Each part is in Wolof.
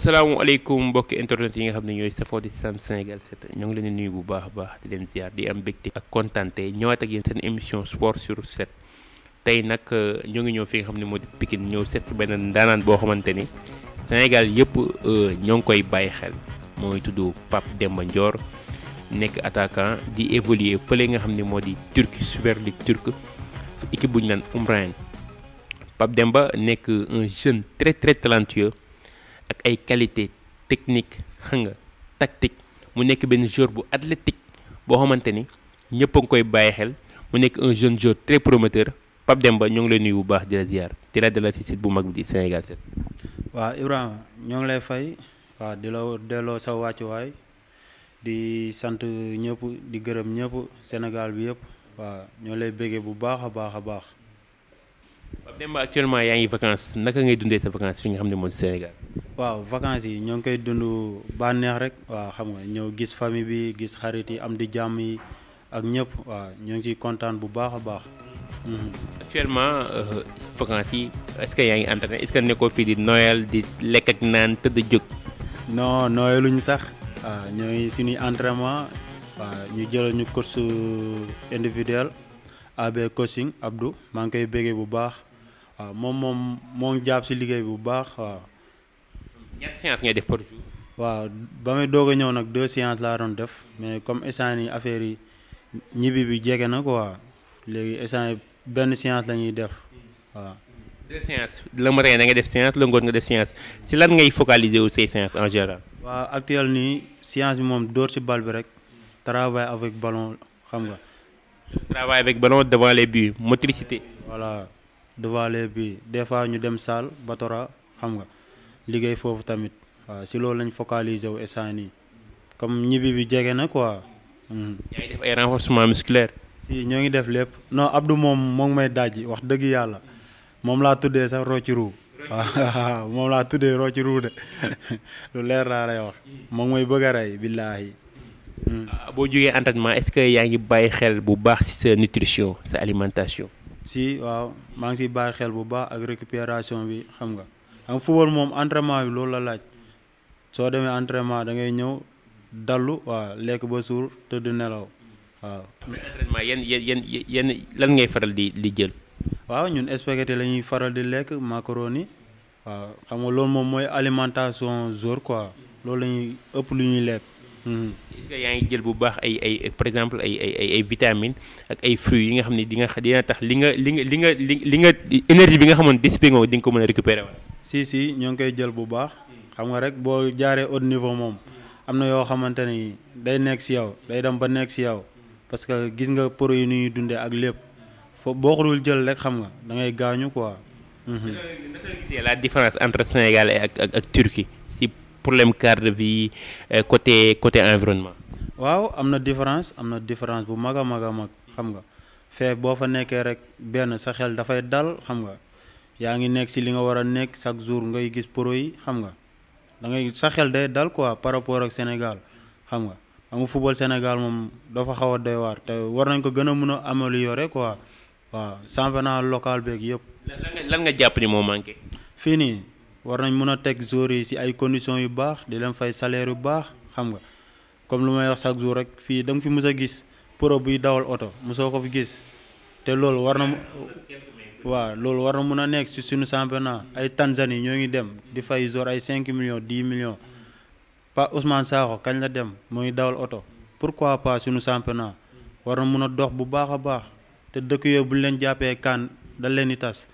salaamaaleykum mbokki internet yi nga xam ne ñooy safoo di sam Sénégal 7 ñoo ngi leen nuyu bu baax baax di leen ziar di am mbégte ak kontante ñëwaat ak yéen seen émission sport sur set tey nag euh, ñoo ngi ñëw fi nga xam ne moo di Pikine ñëw seet si benn ndaanaan boo xamante ni Sénégal yëpp euh, ñoo ngi koy bàyyi xel mooy tudd Pape Demba Ndior nekk attaquant di évoluer fële nga xam ne moo di Turquie Super League turque équipe bu ñu naan Umran Pape Demba nekk un jeune très très ak ay qualité technique xam nga tactique mu nekk benn jour bu athlétique boo xamante ni ñëpp a ngi koy bàyyi xel mu nekk un jeune joueur très prometteur dem ba ñoo ngi lay nuyu bu baax di la ziar di la dalal ci site bu mag bi di Sénégal 7. waaw Ibrahima ñoo ngi lay fay waaw di la delloo sa wàccuwaay di sant ñëpp di gërëm ñëpp Sénégal bi yëpp waaw ñoo lay béggee bu baax a baax a baax. Pape Demba actuellement yaa ngi vacances naka ngay dundee sa vacances fi nga xam ne moom Sénégal. waaw vacances yi ñoo ngi koy dund bànneex rek waaw xam nga ñëw gis famille bi gis xarit yi am di jàmm yi ak ñëpp waaw ñoo ngi ciy kontaan bu baax a baax. Mhm. actuellement euh, vacances yi est-ce que yaa ngi entraîné fii di noyal di lekk ak naan tëdd jóg. non noyaluñu sax waaw ñooy suñuy ñu jëlal ñu course individuelle. AB coaching Abdou maa ngi koy béggee bu baax waaw moom moom moom ngi jàpp si liggéey bu baax waaw. ñaata séance def par jour. ba may doog a ñëw nag deux séances laa doon def mais comme instant yi affaire yi ñibbi bi jege na waa léegi instant benn séance la ñuy def waaw. deux séances le def séance le ngoon nga def séance si lan ngay focaliser wu say séance en général. waaw nii séance moom dóor si bal bi rek travail avec ballon xam nga. travail avec ballon devant les buts motricité. voilà devant les buts des fois ñu dem salle Batora xam nga liggéey foofu tamit waaw si loolu lañ focaliser wu instant nii comme ñibbi bi jege na quoi. Mhm. yaa ngi ñoo ngi def lépp non Abdou moom moo ngi may dajji wax dëgg yàlla moom laa tuddee sax Rocirou. ru moom laa tuddee Rocirou de lu leer laa lay wax. moo may bëgg rey billaahi Hmm. Ah, boo jógee entraînement est-ce que yaa ngi bàyyi xel bu baax ci sa nutrition sa alimentation. si waaw maa ngi si bàyyi xel bu baax ak récupération bi xam nga xam nga football moom entraînement bi loolu la laaj soo demee entraînement da ngay ñëw dallu waaw lekk ba suur tëdd nelaw waaw. mais entraînement yan lan ngay faral di di jël. waaw ñun spaghetti lañuy faral di lekk macaroni waaw xam nga loolu moom mooy alimentation jour quoi loolu lañuy ëpp lu ñuy lekk. gis yaa ngi jël bu baax ay ay par exemple ay ay ay vitamines ak ay fruits yi nga xam ni di nga dina tax li nga li nga li nga li nga énergie bi nga xamoon dissipé nga di nga ko mën a récupérer wala sii si ñoo ngi koy jël bu baax xam nga rek boo jaaree haut niveau moom am na yoo xamante ni day nekk si yow day dem ba nekk si yow parce que gis nga produit yi nu ñuy dundee ak lépp fo boo ko jël rek xam nga da ngay gaañu quoi. la différence entre Sénégal ak ak Turquie. problème cadre de vie euh, côté côté environnement. waaw am na différence am na différence bu mag a mag a mag xam nga fee boo fa nekkee rek benn sa xel dafay dal xam nga yaa ngi nekk si li nga war a nekk chaque jour ngay gis pro yi xam nga da ngay sa xel day dal quoi par rapport ak Sénégal xam nga amu football Sénégal moom doo fa xaw a doy te war nañ ko gën a mun a améliorer quoi waaw championnat local beeg yëpp. lan nga jàpp ni moo manqué. fii nii war nañ mën a teg joueurs yi si ay conditions yu baax di leen fay salaire yu baax xam nga comme lu may wax chaque jour rek fii da fi mës a gis pro buy dawal oto mosoo ko fi gis te loolu war na waaw loolu war na a nekk si suñu championnat ay Tanzanie ñoo ngi dem di fay joueurs ay 5 millions 10 millions pa Ousmane Sakho kañ la dem mooy dawal oto pourquoi pa suñu championnat war na mën a dox bu baax a baax te dëkk yooyu bu leen jàppee kaan da leen di tas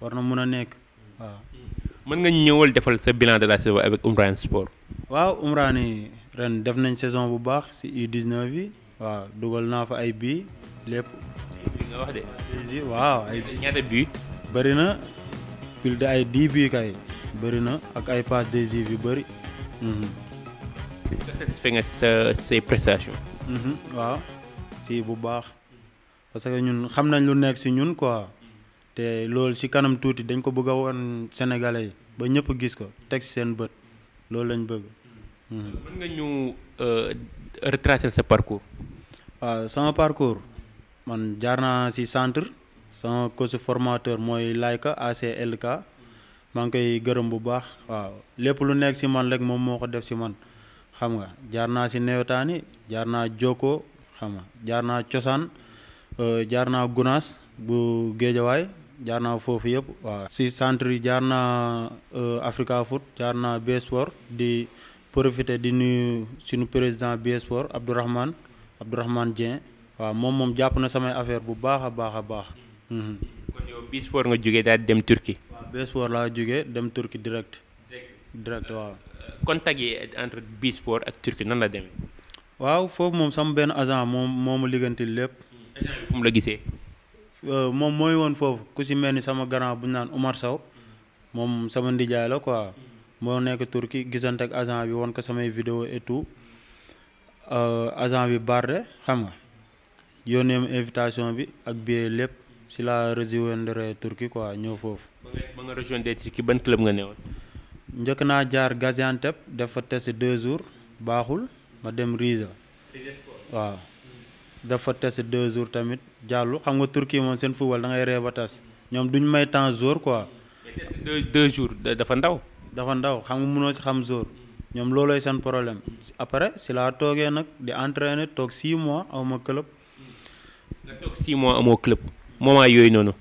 war na mën a nekk waaw mën nga ñëwal defal sa bilan de la saison avec Umrani Sport. waaw Umrani ren def nañ saison bu baax si U19 yi waaw dugal naa fa ay bii lépp. nga wax de. waaw ay bii. bëri na plus de ay 10 bii kay bëri na ak ay des décisives yu bëri. Mhm. nga sa say prestations. Mhm, waaw si bu baax parce que ñun xam nañ lu nekk si ñun quoi. te loolu si kanam tuuti dañ ko bëgg a woon sénégalais ba ñëpp gis ko teg si seen bët loolu lañ bëgg. Mhm. mën nga ñu euh, retracer sa parcours. waaw sama parcours man jaar naa si centre sama coach formateur mooy Layka ACLK maa ngi koy gërëm bu baax waaw lépp lu nekk si man rek moom moo ko def si man xam nga jaar naa si neewtaani jaar naa Jokko xam nga jaar naa Cosaan euh, jaar naa Gunaas bu Géejawaay. jaar naa foofu yëpp waaw si centre yi jaar naa euh, Africa Foot jaar naa Bsport di profité di nuyu suñu président Bsport Abdourahmane Abdourahmane Dieng waaw moom moom jàpp na samay affaire bu baax a baax a baax. Mhm. kon yow Bsport nga jógee daal dem Turquie. waaw Bsport laa jóge dem Turquie direct. direct waaw. Euh, contact yi entre Bsport ak Turquie nan la demee. waaw foofu moom sama benn agent moom moo ma liggantil lépp. la gisee. Euh, moom mooy woon foofu ku si mel ni sama grand bu ñu naan Umar Sow moom sama ndijaay la quoi moo nekk Turquie gisante ak agent bi woon ko samay vidéo et tout euh, agent bi barde xam nga yónnee ma invitation bi ak billet lépp si la rejoindre Turquie quoi ñëw foofu. ba nga rejoindre Turquie ban club nga newoon. njëkk naa jaar Gaziantep def fa test deux jours baaxul ma dem Riza waaw. dafa test deux jours tamit jàllu xam nga Turquie moom seen football da ngay ree ba tas ñoom duñ may temps jour quoi. deux jours dafa ndaw. dafa ndaw xam nga munoo si xam jour ñoom loolooy seen problème après si laa toogee nag di entraîner toog 6 mois awma club. nga toog 6 mois amoo club moment yooyu noonu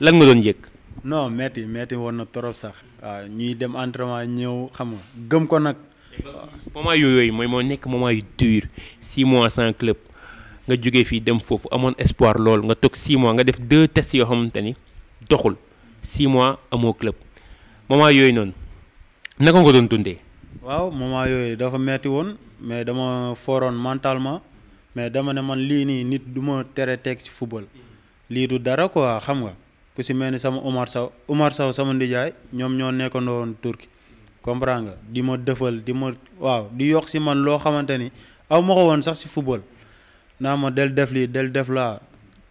lan nga doon yëg. non metti metti woon na trop sax waaw ñuy dem entraînement ñëw xam nga gëm ko nag. moment yooyu mooy moo nekk moment yu dur 6 mois sans club. nga jóge fii dem foofu amoon espoir loolu nga toog 6 nga def deux tests yoo xamante ni doxul 6 mois amoo club moment yooyu noonu naka nga doon dundee. waaw moment yooyu dafa metti woon mais dama fooroon mentalement mais dama ne man lii nii nit du ma tere teg ci football lii du dara quoi xam nga ku si mel ni sama Omar Sow Omar Sow sama ndijaay ñoom ñoo nekkandoo woon Turki comprendre nga di ma dëfal di ma waaw di yokk si man loo xamante ni aw ma ko woon sax si football. naa ma del def lii del def laa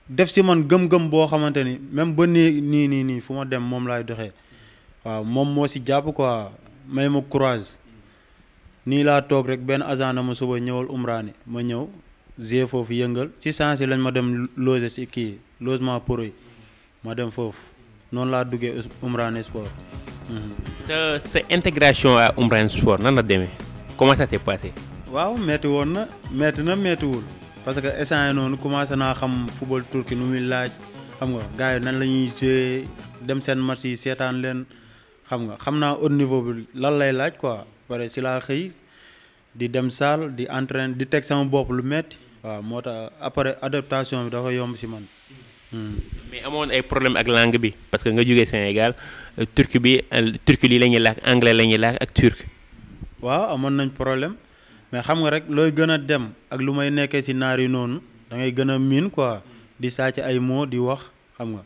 def si man gëm-gëm boo xamante ni même ba nii nii nii fu ma dem moom laay doxee waaw moom moo si jàpp quoi may ma courage nii laa toog rek benn agent na ma suba ñëwal umraani ma ñëw g foofu yëngal si sens yi lañ ma dem loger si kii logement pour yi ma dem foofu noonu laa duggee umraani sport. Mhm. sa sa intégration à umraani sport nan la demee comment ça s'est passé. waaw metti woon na metti na mettiwul. parce que instant noonu commencé naa xam football turki nu muy laaj xam nga gars yi nan la ñuy jouer dem seen match yi seetaan leen xam nga xam naa haut niveau bi lan lay laaj quoi pare si laa xëy di dem salle di entraîne di teg sama bopp lu metti waaw moo tax après adaptation bi dafa yomb si man. Hmm. mais amoon ay problème ak langue bi parce que nga jógee Sénégal turc bi turc lii la ñuy làkk anglais la ñuy làkk ak turc. waaw amoon nañ problème. mais xam nga rek looy gën a dem ak lu may nekkee si naar yi noonu da ngay gën a miin quoi di sàcc ay moo di wax xam nga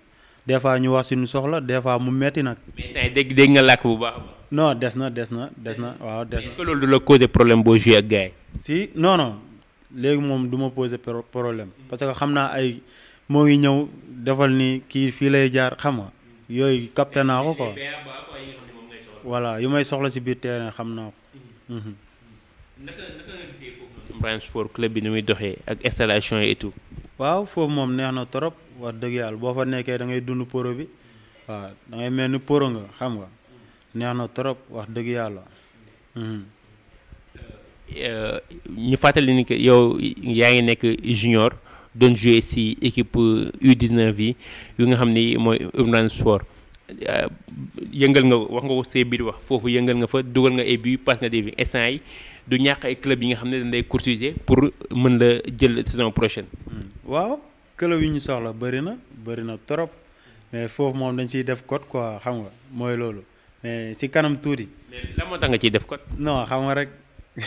des fois ñu wax suñu soxla des fois mu metti nag. mais dégg dégg nga làkk bu baax. non des na des na des na waaw des na. du la causer problème boo joué ak gars si non léegi moom du ma poser problème parce que xam naa ay moo ngi ñëw defal ni kii fii lay jaar xam nga yooyu capté naa ko quoi. yu may soxla si biir terrain xam naa ko. Mm-hmm. Mm-hmm. naka naka nga Sport club bi ni muy doxee ak installation yi waaw foofu moom neex na trop wax dëgg yàlla boo fa nekkee da ngay dund poro bi waaw da mel ni poro nga xam nga neex na trop wax dëgg yàlla. Mhm. Euh, ñu fàttali ni que yow yaa ngi nekk junior doon jouer ci équipe U19 yi yu nga xam ni mooy Branch Sport euh, yëngal nga wax nga ko see biir wax foofu yëngal nga fa dugal nga ay buts pass nga des bi instant yi. du ñàkk ay club yi nga xam ne dañ lay courtiser pour mën la jël saison prochaine. Hmm. waaw club yu ñu soxla bëri na bëri na trop mais foofu moom dañ ciy def code quoi xam nga mooy loolu mais ci kanam tuuti. mais lan nga ciy def code. non xam nga rek.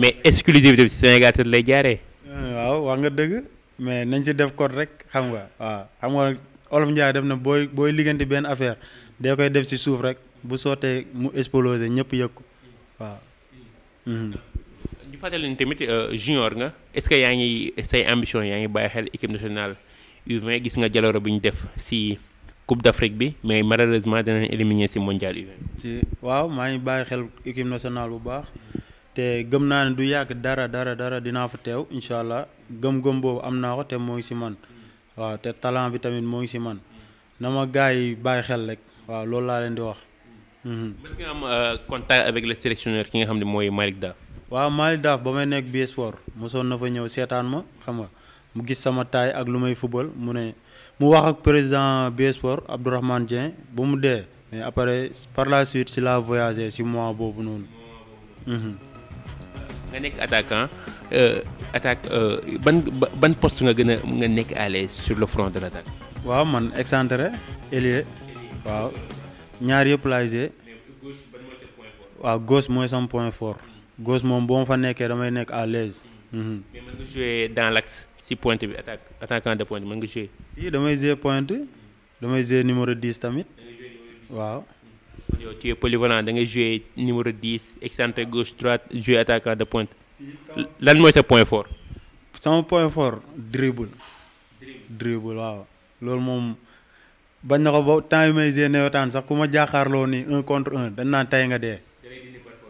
mais exclusivité bi ci Sénégal lay jaaree. Hmm, waaw wax nga dëgg mais nañ si def code rek xam nga waaw xam nga Olof Ndiaye def na booy booy ligganti benn affaire dee koy def ci suuf rek bu sottee mu explosé ñëpp yëg waaw. ñu fàttali ni tamit euh, junior nga est-ce que yaa ngi say ambition yaa ngi bàyyi xel équipe nationale u gis nga jalooro bi ñu def si Coupe d'Afrique bi mais malheureusement danañ éliminer si mondial U20. si waaw maa ngi bàyyi xel équipe nationale bu baax te gëm naa ne du yàgg dara dara dara dinaa fa teew incha allah gëm-gëm boobu am naa ko te moo ngi si man waaw te talent bi tamit moo ngi si man na ma gars yi bàyyi xel rek waaw loolu laa leen di wax. mën nga am euh, contact avec le sélectionneur ki nga xam ne mooy Malick Daaf. waaw Malick Daaf ba may nekk bi sport mosoon na fa ñëw seetaan ma xam nga mu gis sama taay ak lu may football mu ne mu wax ak président bi sport Abdourahmane Dieng ba mu dee mais après par la suite si la voyagé si mois boobu noonu. nga nekk attaquant euh, attaque euh, ban ban poste nga gën a nga nekk à sur le front de l'attaque. waaw man excentré ailier waaw. ñaar yëpp laay joué waaw gos mooy sama point fort gos moom boo ma fa nekkee damay nekk à l'aise mhm. mais dans l'axe si pointe bi attaque attaquant de pointe mën nga joué si damay joué point damay joué numéro 10 tamit waaw kon yow tu es polyvalent da ngay joué numéro 10 excentré gauche droite joué de pointe lan mooy sa point fort sama point fort dribble dribble waaw loolu moom bañ na ko ba temps yu may génne yotaan sax ku ma jàkkaarloo ni un contre un dañ naan tey nga dee.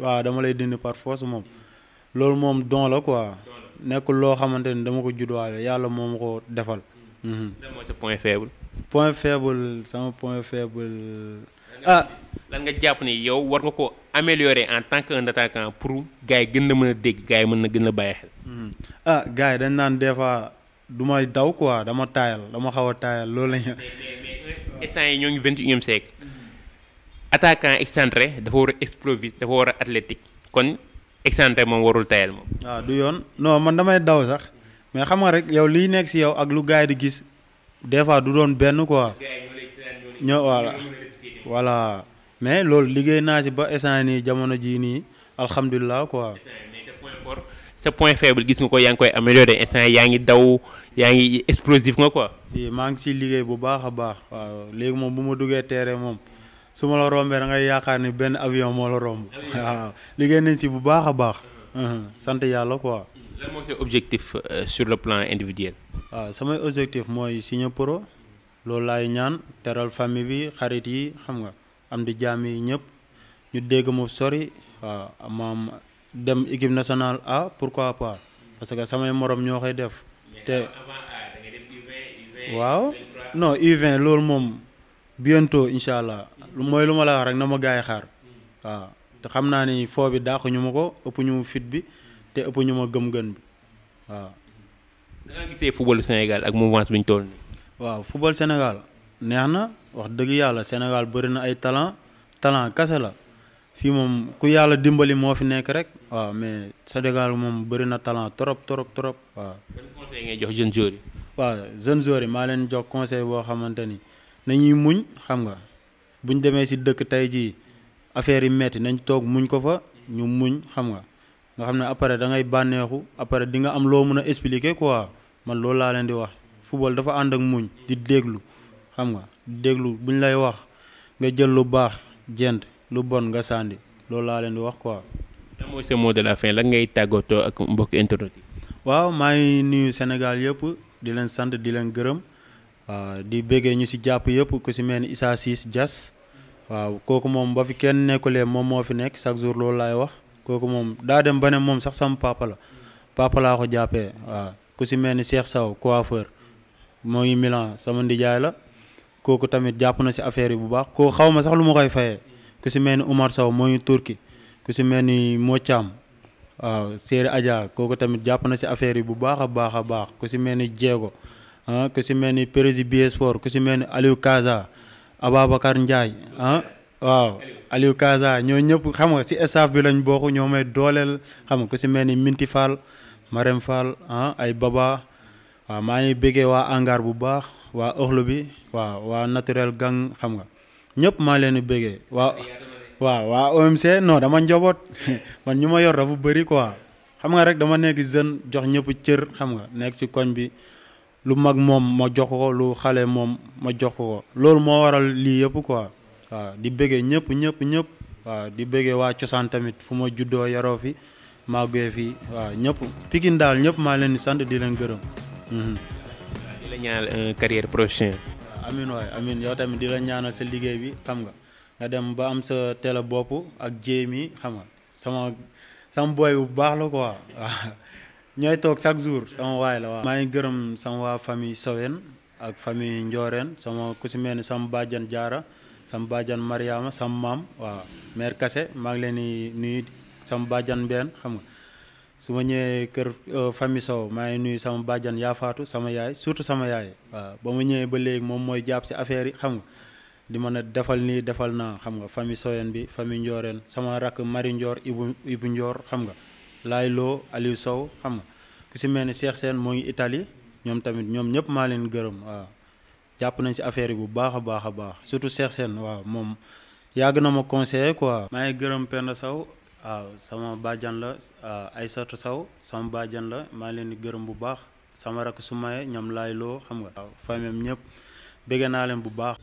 waaw dama lay dindi par force moom. loolu moom don la quoi. nekkul loo xamante ni dama ko judduwaale yàlla moo ma ko defal. Hmm. Hmm. lan mooy sa point faible. point faible sama point faible. ah lan nga jàpp ni yow war nga ko améliorer en tant qu'un attaquant pour gars gën la mën a dégg gars yi mën na gën la bàyyi xel. Hmm. Ah, gars yi dañ naan des fois du may daw quoi dama taayal dama xaw a taayal loolu la instant yi ñoo ngi vingt et unième siècle attaquant excentré dafa war a explosif dafa war a athlétique kon excentré moom warul tayal moom. waaw ah, du yoon non man damay daw sax mais xam nga rek yow liy nekk si yow ak lu gars di gis des fois du doon benn quoi. ñoo voilà mais loolu liggéey naa si ba instant nii jamono jii nii alhamdulilah quoi. sa point gis ko yaa ngi koy amélioré instant yaa ngi daw yaa ngi explosif nga quoi. si maa ngi ciy liggéey bu baax a baax waaw léegi moom bu ma duggee teere moom su ma la rombee da ngay yaakaar ni benn avion moo la romb waaw liggéey nañ si bu baax a baax sant yàlla koi objectif euh, sur le plan individuel. waaw samay objectif mooy signer pro loolu laay ñaan teral famille bi xarit yi xam nga am di jàmm yi ñëpp ñu dégg mu sori waaw maam dem équipe nationale A pourquoi pas parce que samay morom ñoo koy def te. waaw no u loolu moom biento incha allah mooy lu ma la wax rek na ma gars yi xaar waaw te xam naa ni foo bi dàq ñu ma ko ëpp ñu fit bi te ëpp ñu ma gëm-gën bi waaw. football Sénégal ak mouvance bi ñu toll nii. waaw football Sénégal neex na wax dëgg yàlla Sénégal bëri na ay talent talent kase la fii moom ku yàlla dimbali moo fi nekk rek waaw mais Sénégal moom bëri na talent trop trop trop waaw. ngay jox jeunes joueurs waaw jeunes joueurs yi maa leen jox conseil boo xamante ni nañuy muñ xam nga bu ñu demee si dëkk tey jii affaire yi metti nañ toog muñ ko fa ñu muñ xam nga nga xam ne après da ngay bànneexu après di nga am loo mën a expliquer quoi man loolu laa leen di wax football dafa ànd ak muñ di déglu xam nga di déglu buñ lay wax nga jël lu baax jent lu bon nga sànni loolu laa leen di wax quoi. lan mooy sa mot de la fin lan ngay tàggatoo ak mbokk internet waaw maa nuyu Sénégal di leen sant di leen gërëm waaw di béggee ñu si jàpp yëpp ku ci mel ni Issa Ciss Dias waaw kooku moom ba fi kenn nekkulee moom moo fi nekk chaque jour loolu laay wax kooku moom daa dem ba ne moom sax sama papa la papa laa ko jàppee waaw ku si mel ni Cheikh Sow coiffeur moo ngi Milan sama ndijaay la kooku tamit jàpp na si affaire yi bu baax kooku xaw ma sax lu ma koy fayee ku si mel ni Umar saw moo ngi Turki ku si mel ni Mocaam waaw Séeri Adja kooku tamit jàpp na si affaire yi bu baax a baax a baax ku si mel ni Diego ah ku si mel ni Prési Biesport ku si mel ni Aliou Kaza Ababacar Ndiaye ah waaw Aliou Kaza ñoo ñëpp xam nga si staff bi lañ bokk ñoo may dooleel xam nga ku si mel ni Minti Fall Marème Fall ah ay Baba waa maa ngi bëggee waa ANCAR bu baax waa Oxlu bi waaw waa Naturel Gang xam nga ñëpp maa leen di bëggee waaw. waaw waa OMC non dama njaboot man ñu ma yor dafa bëri quoi xam nga rek dama nekk jeune jox ñëpp cër xam nga nekk ci koñ bi lu mag moom ma jox ko lu xale moom ma jox ko loolu moo waral lii yëpp quoi waaw di bëggee ñëpp ñëpp ñëpp waaw di bëggee waa cosaan tamit fu ma juddoo yaroo fi màggee fi waaw ñëpp Pikine daal ñëpp maa leen di sant di leen gërëm. Mhm. di la ñaanal carrière prochaine. amiin waay amiin tamit di la ñaanal sa liggéey bi xam nga. nga dem ba am sa télé bopp ak jéemi xam nga sama sama booy bu baax la quoi ñooy toog chaque jour sama waay la waaw. maa ngi gërëm sama waa famille Sowen ak famille Ndiorène sama ku si mel ni sama bàjjan jaara sama bàjjan Mariama sama maam waaw mère kase maa ngi leen di nuyu sama bàjjan Mbène xam nga. su ma ñëwee kër euh, famille Sow maa ngi nuyu sama bàjjan Yaafaatu sama yaay surtout sama yaay waaw ba ma ñëwee ba léegi moom mooy jàpp si affaire yi xam nga. di mën a defal nii defal naa xam nga famille Soyen bi famille Ndiorène sama rakk Mari Ndior Ibu Ibu Ndior xam nga Laay Loo Aliou Sow xam nga ku si mel ni Cheikh seen moo ngi Italie ñoom tamit ñoom ñëpp maa leen gërëm waaw jàpp nañ si affaire yi bu baax a baax a baax surtout Cheikh seen waaw moom yàgg na ma conseiller quoi. maa ngi gërëm Penda saw waaw sama baajan la ay Aïssatou saw sama bàjjan la maa leen di gërëm bu baax sama rakk Soumaye ñoom Laay Loo xam nga. waaw famille naa leen bu baax.